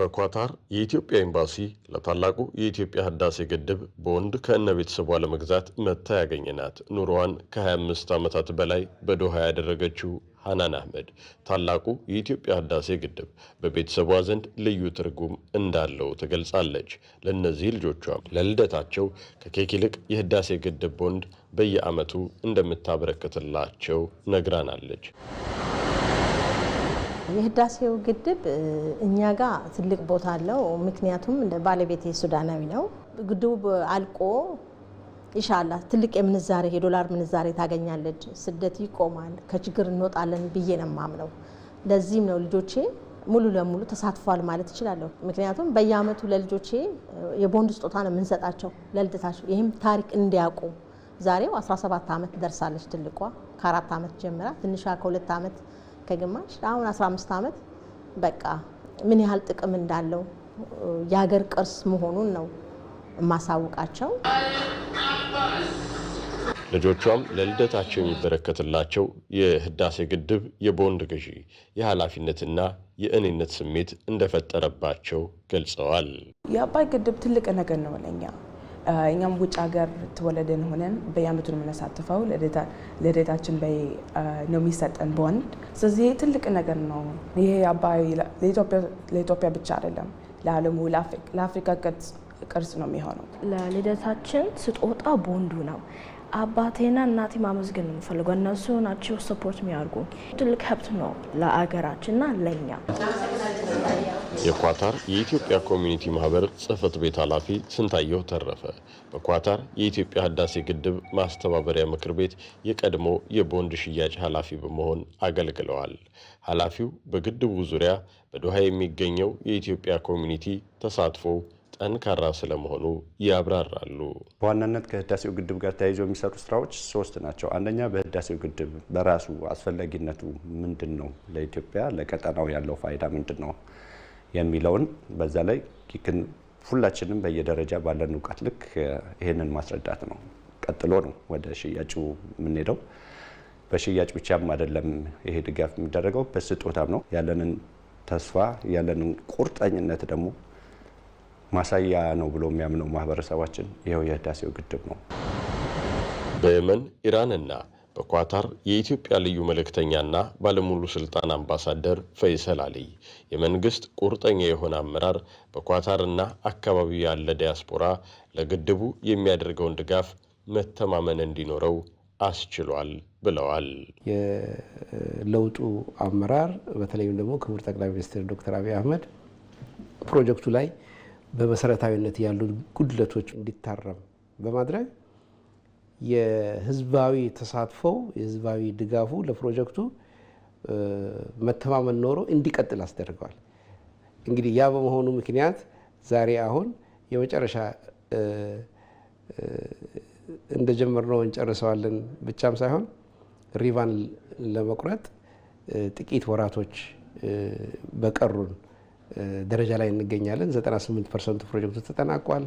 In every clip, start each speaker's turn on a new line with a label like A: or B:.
A: በኳታር የኢትዮጵያ ኤምባሲ ለታላቁ የኢትዮጵያ ህዳሴ ግድብ በወንድ ከእነ ቤተሰቧ ለመግዛት መታ ያገኘናት ኑሮዋን ከ25 ዓመታት በላይ በዶሃ ያደረገችው ሐናን አህመድ ታላቁ የኢትዮጵያ ህዳሴ ግድብ በቤተሰቧ ዘንድ ልዩ ትርጉም እንዳለው ትገልጻለች። ለእነዚህ ልጆቿም ለልደታቸው ከኬክ ይልቅ የህዳሴ ግድብ ቦንድ በየዓመቱ እንደምታበረክትላቸው ነግራናለች።
B: የህዳሴው ግድብ እኛ ጋር ትልቅ ቦታ አለው። ምክንያቱም እንደ ባለቤት ሱዳናዊ ነው። ግድቡ አልቆ ኢንሻላ ትልቅ የምንዛሬ የዶላር ምንዛሬ ታገኛለች። ስደት ይቆማል፣ ከችግር እንወጣለን ብዬ ነው የማምነው። ለዚህም ነው ልጆቼ ሙሉ ለሙሉ ተሳትፏል ማለት እችላለሁ። ምክንያቱም በየአመቱ ለልጆቼ የቦንድ ስጦታ ነው የምንሰጣቸው ለልደታቸው። ይህም ታሪክ እንዲያውቁ ዛሬው 17 ዓመት ደርሳለች። ትልቋ ከአራት ዓመት ጀምራ ትንሿ ከሁለት ዓመት ከግማሽ አሁን 15 ዓመት በቃ ምን ያህል ጥቅም እንዳለው የሀገር ቅርስ መሆኑን ነው የማሳውቃቸው።
A: ልጆቿም ለልደታቸው የሚበረከትላቸው የህዳሴ ግድብ የቦንድ ግዢ የኃላፊነትና የእኔነት ስሜት እንደፈጠረባቸው ገልጸዋል።
C: የአባይ ግድብ ትልቅ ነገር ነው ለኛ እኛም ውጭ ሀገር ተወለደን ሆነን በየአመቱ ነው የምናሳትፈው። ልደታችን በይ ነው የሚሰጠን ቦንድ። ስለዚህ ትልቅ ነገር ነው። ይሄ አባይ ለኢትዮጵያ ብቻ አይደለም፣ ለዓለሙ ለአፍሪካ ቅርስ ነው የሚሆነው።
D: ለልደታችን ስጦታ ቦንዱ ነው። አባቴና እናቴ ማመስገን ነው የምፈልገው። እነሱ ናቸው ሰፖርት የሚያደርጉ። ትልቅ ሀብት ነው ለአገራችንና ለእኛ
A: የኳታር የኢትዮጵያ ኮሚኒቲ ማህበር ጽህፈት ቤት ኃላፊ ስንታየሁ ተረፈ በኳታር የኢትዮጵያ ህዳሴ ግድብ ማስተባበሪያ ምክር ቤት የቀድሞ የቦንድ ሽያጭ ኃላፊ በመሆን አገልግለዋል። ኃላፊው በግድቡ ዙሪያ በዶሃ የሚገኘው የኢትዮጵያ ኮሚኒቲ ተሳትፎ ጠንካራ ስለመሆኑ ያብራራሉ።
E: በዋናነት ከህዳሴው ግድብ ጋር ተያይዞ የሚሰሩ ስራዎች ሶስት ናቸው። አንደኛ በህዳሴው ግድብ በራሱ አስፈላጊነቱ ምንድን ነው? ለኢትዮጵያ ለቀጠናው ያለው ፋይዳ ምንድን ነው? የሚለውን በዛ ላይ ሁላችንም በየደረጃ ባለን እውቀት ልክ ይህንን ማስረዳት ነው። ቀጥሎ ነው ወደ ሽያጩ የምንሄደው። በሽያጭ ብቻም አይደለም ይሄ ድጋፍ የሚደረገው በስጦታም ነው። ያለንን ተስፋ ያለንን ቁርጠኝነት ደግሞ ማሳያ ነው ብሎ የሚያምነው ማህበረሰባችን ይኸው የህዳሴው ግድብ ነው።
A: በየመን ኢራንና በኳታር የኢትዮጵያ ልዩ መልእክተኛና ባለሙሉ ስልጣን አምባሳደር ፈይሰል አልይ የመንግስት ቁርጠኛ የሆነ አመራር በኳታርና አካባቢው ያለ ዲያስፖራ ለግድቡ የሚያደርገውን ድጋፍ መተማመን እንዲኖረው አስችሏል ብለዋል።
F: የለውጡ አመራር በተለይም ደግሞ ክቡር ጠቅላይ ሚኒስትር ዶክተር አብይ አህመድ ፕሮጀክቱ ላይ በመሰረታዊነት ያሉ ጉድለቶች እንዲታረም በማድረግ የህዝባዊ ተሳትፎ የህዝባዊ ድጋፉ ለፕሮጀክቱ መተማመን ኖሮ እንዲቀጥል አስደርገዋል። እንግዲህ ያ በመሆኑ ምክንያት ዛሬ አሁን የመጨረሻ እንደጀመርነው እንጨርሰዋለን ብቻም ሳይሆን ሪቫን ለመቁረጥ ጥቂት ወራቶች በቀሩን ደረጃ ላይ እንገኛለን። 98 ፐርሰንቱ ፕሮጀክቱ ተጠናቋል።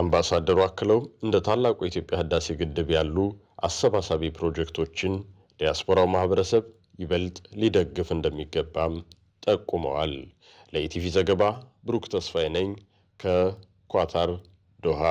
A: አምባሳደሩ አክለው እንደ ታላቁ የኢትዮጵያ ህዳሴ ግድብ ያሉ አሰባሳቢ ፕሮጀክቶችን ዲያስፖራው ማህበረሰብ ይበልጥ ሊደግፍ እንደሚገባም ጠቁመዋል። ለኢቲቪ ዘገባ ብሩክ ተስፋዬ ነኝ ከኳታር ዶሃ